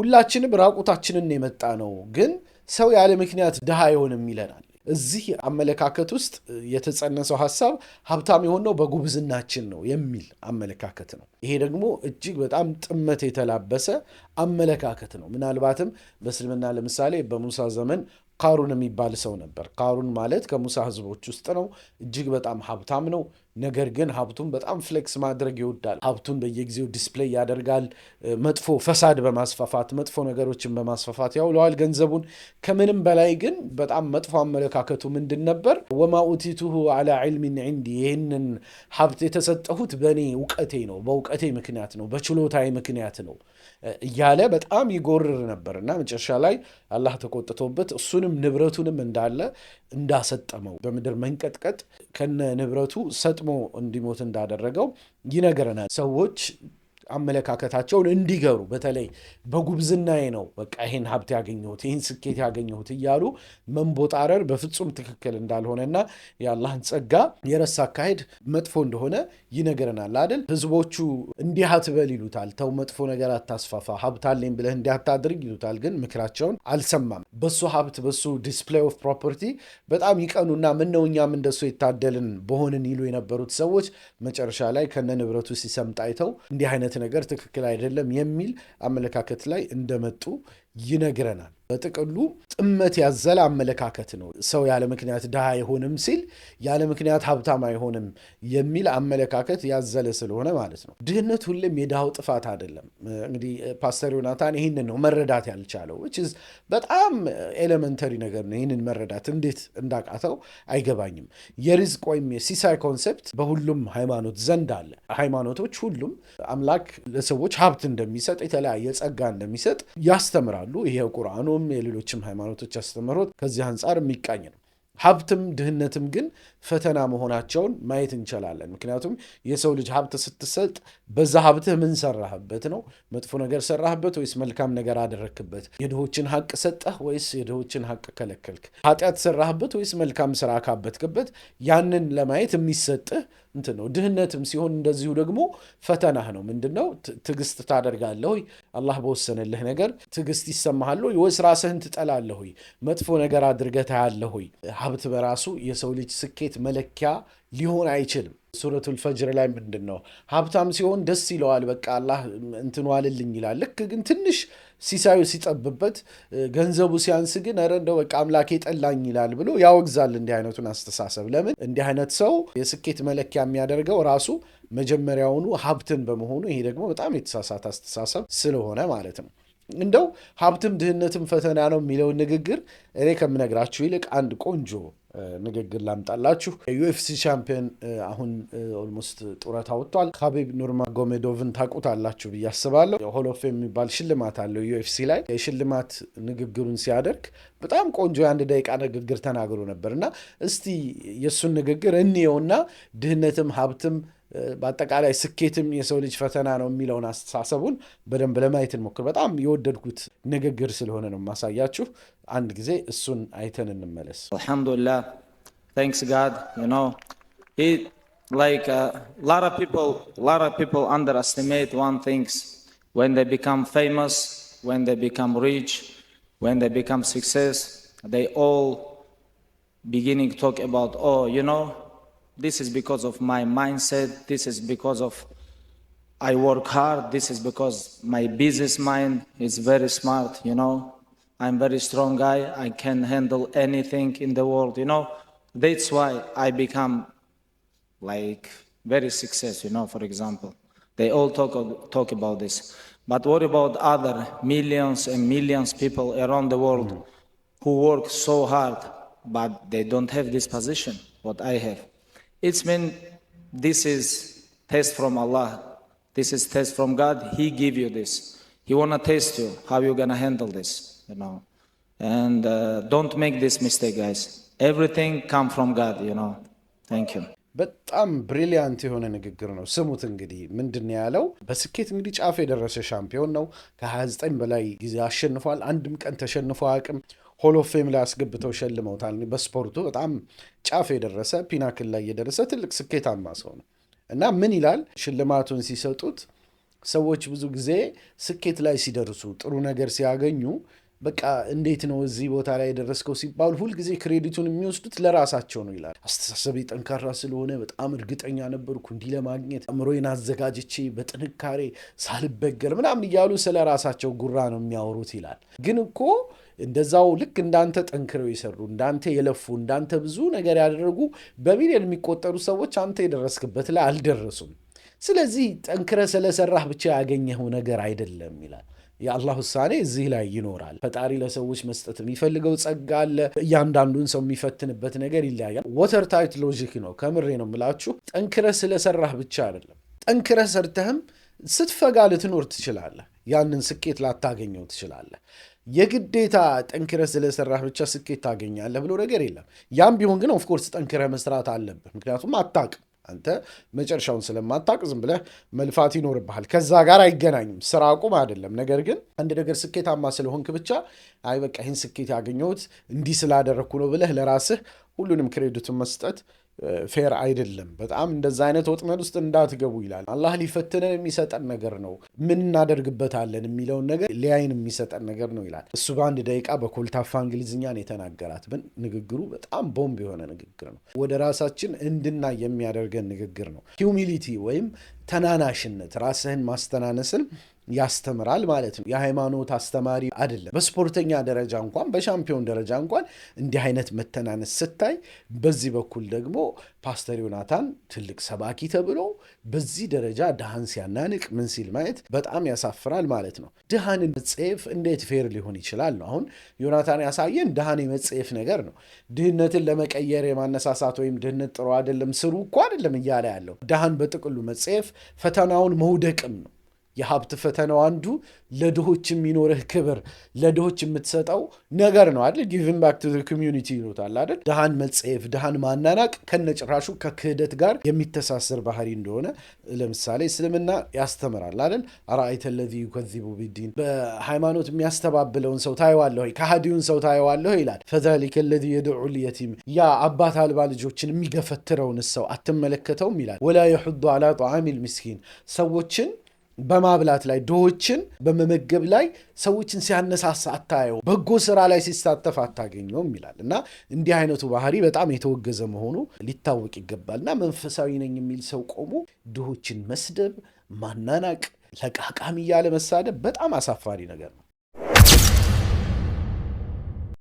ሁላችንም ራቁታችንን የመጣ ነው፣ ግን ሰው ያለ ምክንያት ድሃ አይሆንም ይለናል። እዚህ አመለካከት ውስጥ የተጸነሰው ሀሳብ ሀብታም የሆነው በጉብዝናችን ነው የሚል አመለካከት ነው። ይሄ ደግሞ እጅግ በጣም ጥመት የተላበሰ አመለካከት ነው። ምናልባትም በእስልምና ለምሳሌ በሙሳ ዘመን ካሩን የሚባል ሰው ነበር። ካሩን ማለት ከሙሳ ህዝቦች ውስጥ ነው። እጅግ በጣም ሀብታም ነው። ነገር ግን ሀብቱን በጣም ፍሌክስ ማድረግ ይወዳል። ሀብቱን በየጊዜው ዲስፕሌይ ያደርጋል። መጥፎ ፈሳድ በማስፋፋት መጥፎ ነገሮችን በማስፋፋት ያውለዋል ገንዘቡን። ከምንም በላይ ግን በጣም መጥፎ አመለካከቱ ምንድን ነበር? ወማ ኡቲቱሁ አላ ዕልሚን ዒንዲ፣ ይህንን ሀብት የተሰጠሁት በእኔ እውቀቴ ነው፣ በእውቀቴ ምክንያት ነው፣ በችሎታዬ ምክንያት ነው እያለ በጣም ይጎርር ነበር እና መጨረሻ ላይ አላህ ተቆጥቶበት እሱንም ንብረቱንም እንዳለ እንዳሰጠመው በምድር መንቀጥቀጥ ከነ ንብረቱ ሰጥሞ እንዲሞት እንዳደረገው ይነግረናል። ሰዎች አመለካከታቸውን እንዲገሩ በተለይ በጉብዝናዬ ነው በቃ ይህን ሀብት ያገኘሁት ይህን ስኬት ያገኘሁት እያሉ መንቦጣረር በፍጹም ትክክል እንዳልሆነና የአላህን ጸጋ የረሳ አካሄድ መጥፎ እንደሆነ ይነግረናል አይደል? ህዝቦቹ እንዲህ አትበል ይሉታል። ተው መጥፎ ነገር አታስፋፋ፣ ሀብት አለኝ ብለህ እንዲህ አታድርግ ይሉታል። ግን ምክራቸውን አልሰማም። በሱ ሀብት በሱ ዲስፕሌይ ኦፍ ፕሮፐርቲ በጣም ይቀኑና ምነው እኛም እንደሱ የታደልን በሆንን ይሉ የነበሩት ሰዎች መጨረሻ ላይ ከነ ንብረቱ ሲሰምጥ አይተው እንዲህ አይነት ነገር ትክክል አይደለም የሚል አመለካከት ላይ እንደመጡ ይነግረናል። በጥቅሉ ጥመት ያዘለ አመለካከት ነው። ሰው ያለ ምክንያት ድሃ አይሆንም ሲል ያለ ምክንያት ሀብታም አይሆንም የሚል አመለካከት ያዘለ ስለሆነ ማለት ነው። ድህነት ሁሌም የድሃው ጥፋት አይደለም። እንግዲህ ፓስተር ዮናታን ይህንን ነው መረዳት ያልቻለው። በጣም ኤሌመንተሪ ነገር ነው። ይህንን መረዳት እንዴት እንዳቃተው አይገባኝም። የሪዝቅ ወይም የሲሳይ ኮንሴፕት በሁሉም ሃይማኖት ዘንድ አለ። ሃይማኖቶች ሁሉም አምላክ ለሰዎች ሀብት እንደሚሰጥ የተለያየ ጸጋ እንደሚሰጥ ያስተምራል። አሉ። ይሄ ቁርአኑም የሌሎችም ሃይማኖቶች አስተምህሮት ከዚህ አንጻር የሚቃኝ ነው። ሀብትም ድህነትም ግን ፈተና መሆናቸውን ማየት እንችላለን። ምክንያቱም የሰው ልጅ ሀብት ስትሰጥ በዛ ሀብትህ ምን ሰራህበት ነው? መጥፎ ነገር ሰራህበት ወይስ መልካም ነገር አደረክበት? የድሆችን ሀቅ ሰጠህ ወይስ የድሆችን ሀቅ ከለከልክ? ኃጢአት ሰራህበት ወይስ መልካም ስራ ካበትክበት? ያንን ለማየት የሚሰጥህ እንትን ነው። ድህነትም ሲሆን እንደዚሁ ደግሞ ፈተናህ ነው። ምንድን ነው? ትዕግስት ታደርጋለህ ወይ? አላህ በወሰነልህ ነገር ትዕግስት ይሰማሃል ወይ? ወይስ ራስህን ትጠላለህ ወይ? መጥፎ ነገር አድርገህ ታያለህ ወይ? ሀብት በራሱ የሰው ልጅ ስኬት መለኪያ ሊሆን አይችልም። ሱረቱል ፈጅር ላይ ምንድን ነው ሀብታም ሲሆን ደስ ይለዋል። በቃ አላህ እንትኑ ይላል። ልክ ግን ትንሽ ሲሳዩ ሲጠብበት ገንዘቡ ሲያንስ ግን ኧረ እንደው በቃ አምላኬ ጠላኝ ይላል ብሎ ያወግዛል። እንዲህ አይነቱን አስተሳሰብ ለምን እንዲህ አይነት ሰው የስኬት መለኪያ የሚያደርገው ራሱ መጀመሪያውኑ ሀብትን በመሆኑ ይሄ ደግሞ በጣም የተሳሳተ አስተሳሰብ ስለሆነ ማለት ነው። እንደው ሀብትም ድህነትም ፈተና ነው የሚለውን ንግግር እኔ ከምነግራችሁ ይልቅ አንድ ቆንጆ ንግግር ላምጣላችሁ። የዩኤፍሲ ቻምፒዮን አሁን ኦልሞስት ጡረታ ወጥቷል። ካቢብ ኑርማጎሜዶቭን ታውቁታላችሁ ብዬ አስባለሁ። ሆሎፍ የሚባል ሽልማት አለው ዩኤፍሲ ላይ። የሽልማት ንግግሩን ሲያደርግ በጣም ቆንጆ የአንድ ደቂቃ ንግግር ተናግሮ ነበር እና እስቲ የእሱን ንግግር እንየውና ድህነትም ሀብትም በአጠቃላይ ስኬትም የሰው ልጅ ፈተና ነው የሚለውን አስተሳሰቡን በደንብ ለማየት እንሞክር። በጣም የወደድኩት ንግግር ስለሆነ ነው የማሳያችሁ። አንድ ጊዜ እሱን አይተን እንመለስ። አልሐምዱሊላህ ታንክስ ጋድ ዩ ኖ like a uh, lot of people lot of people underestimate one things when they become famous when they become rich when they become success they all beginning talk about oh you know this is because of my mindset. This is because of I work hard. This is because my business mind is very smart, you know. I'm very strong guy. I can handle anything in the world, you know. That's why I become like very successful, you know, for example. They all talk, talk about this. But what about other millions and millions people around the world who work so hard, but they don't have this position, what I have? It's mean this is test from Allah. This is test from God. He give you this. He wanna test you how you gonna handle this. You know, and uh, don't make this mistake, guys. Everything come from God. You know. Thank you. በጣም ብሪሊያንት የሆነ ንግግር ነው። ስሙት እንግዲህ ምንድን ያለው በስኬት እንግዲህ ጫፍ የደረሰ ሻምፒዮን ነው። ከ29 በላይ ጊዜ አሸንፏል። አንድም ቀን ተሸንፎ አያውቅም። ሆሎፌም ላይ አስገብተው ሸልመውታል። በስፖርቱ በጣም ጫፍ የደረሰ ፒናክል ላይ የደረሰ ትልቅ ስኬታማ ሰው ነው እና ምን ይላል ሽልማቱን ሲሰጡት ሰዎች ብዙ ጊዜ ስኬት ላይ ሲደርሱ ጥሩ ነገር ሲያገኙ በቃ እንዴት ነው እዚህ ቦታ ላይ የደረስከው ሲባል ሁልጊዜ ክሬዲቱን የሚወስዱት ለራሳቸው ነው ይላል። አስተሳሰቤ ጠንካራ ስለሆነ በጣም እርግጠኛ ነበርኩ እንዲህ ለማግኘት አእምሮዬን አዘጋጅቼ በጥንካሬ ሳልበገር ምናምን እያሉ ስለ ራሳቸው ጉራ ነው የሚያወሩት ይላል። ግን እኮ እንደዛው ልክ እንዳንተ ጠንክረው የሰሩ እንዳንተ የለፉ እንዳንተ ብዙ ነገር ያደረጉ በሚሊዮን የሚቆጠሩ ሰዎች አንተ የደረስክበት ላይ አልደረሱም። ስለዚህ ጠንክረ ስለሰራህ ብቻ ያገኘኸው ነገር አይደለም ይላል። የአላህ ውሳኔ እዚህ ላይ ይኖራል። ፈጣሪ ለሰዎች መስጠት የሚፈልገው ጸጋ አለ። እያንዳንዱን ሰው የሚፈትንበት ነገር ይለያያል። ወተር ታይት ሎጂክ ነው። ከምሬ ነው የምላችሁ። ጠንክረህ ስለሰራህ ብቻ አይደለም። ጠንክረህ ሰርተህም ስትፈጋ ልትኖር ትችላለህ። ያንን ስኬት ላታገኘው ትችላለህ። የግዴታ ጠንክረህ ስለሰራህ ብቻ ስኬት ታገኛለህ ብሎ ነገር የለም። ያም ቢሆን ግን ኦፍኮርስ ጠንክረህ መስራት አለብህ። ምክንያቱም አታውቅም አንተ መጨረሻውን ስለማታውቅ ዝም ብለህ መልፋት ይኖርብሃል። ከዛ ጋር አይገናኝም። ስራ አቁም አይደለም። ነገር ግን አንድ ነገር ስኬታማ ስለሆንክ ብቻ አይ በቃ ይህን ስኬት ያገኘሁት እንዲህ ስላደረግኩ ነው ብለህ ለራስህ ሁሉንም ክሬዲቱን መስጠት ፌር አይደለም። በጣም እንደዛ አይነት ወጥመድ ውስጥ እንዳትገቡ ይላል። አላህ ሊፈትነን የሚሰጠን ነገር ነው። ምን እናደርግበታለን የሚለውን ነገር ሊያይን የሚሰጠን ነገር ነው ይላል። እሱ በአንድ ደቂቃ በኮልታፋ እንግሊዝኛን የተናገራት ብን ንግግሩ በጣም ቦምብ የሆነ ንግግር ነው። ወደ ራሳችን እንድናይ የሚያደርገን ንግግር ነው። ሂውሚሊቲ ወይም ተናናሽነት ራስህን ማስተናነስን ያስተምራል ማለት ነው። የሃይማኖት አስተማሪ አይደለም። በስፖርተኛ ደረጃ እንኳን በሻምፒዮን ደረጃ እንኳን እንዲህ አይነት መተናነስ ስታይ፣ በዚህ በኩል ደግሞ ፓስተር ዮናታን ትልቅ ሰባኪ ተብሎ በዚህ ደረጃ ድሃን ሲያናንቅ ምን ሲል ማየት በጣም ያሳፍራል ማለት ነው። ድሃን መጸየፍ እንዴት ፌር ሊሆን ይችላል ነው። አሁን ዮናታን ያሳየን ድሃን የመጸየፍ ነገር ነው። ድህነትን ለመቀየር የማነሳሳት ወይም ድህነት ጥሩ አይደለም ስሩ እኮ አይደለም እያለ ያለው ድሃን በጥቅሉ መጸየፍ ፈተናውን መውደቅም ነው። የሀብት ፈተናው አንዱ ለድሆች የሚኖርህ ክብር፣ ለድሆች የምትሰጠው ነገር ነው አይደል? ጊቪን ባክ ቱ ኮሚዩኒቲ ይሉታል አይደል? ድሃን መጸየፍ፣ ድሃን ማናናቅ ከነጭራሹ ከክህደት ጋር የሚተሳሰር ባህሪ እንደሆነ ለምሳሌ እስልምና ያስተምራል አይደል? አራአይተ ለዚ ዩከዚቡ ቢዲን በሃይማኖት የሚያስተባብለውን ሰው ታየዋለሁ፣ ከሃዲውን ሰው ታየዋለሁ ይላል። ፈዛሊከ ለዚ የድዑ ልየቲም ያ አባት አልባ ልጆችን የሚገፈትረውን ሰው አትመለከተውም ይላል። ወላ የሑዱ አላ ጣዓሚል ምስኪን ሰዎችን በማብላት ላይ ድሆችን በመመገብ ላይ ሰዎችን ሲያነሳሳ አታየው፣ በጎ ስራ ላይ ሲሳተፍ አታገኘውም ይላል እና እንዲህ አይነቱ ባህሪ በጣም የተወገዘ መሆኑ ሊታወቅ ይገባል እና መንፈሳዊ ነኝ የሚል ሰው ቆሞ ድሆችን መስደብ፣ ማናናቅ፣ ለቃቃሚ እያለ መሳደብ በጣም አሳፋሪ ነገር ነው።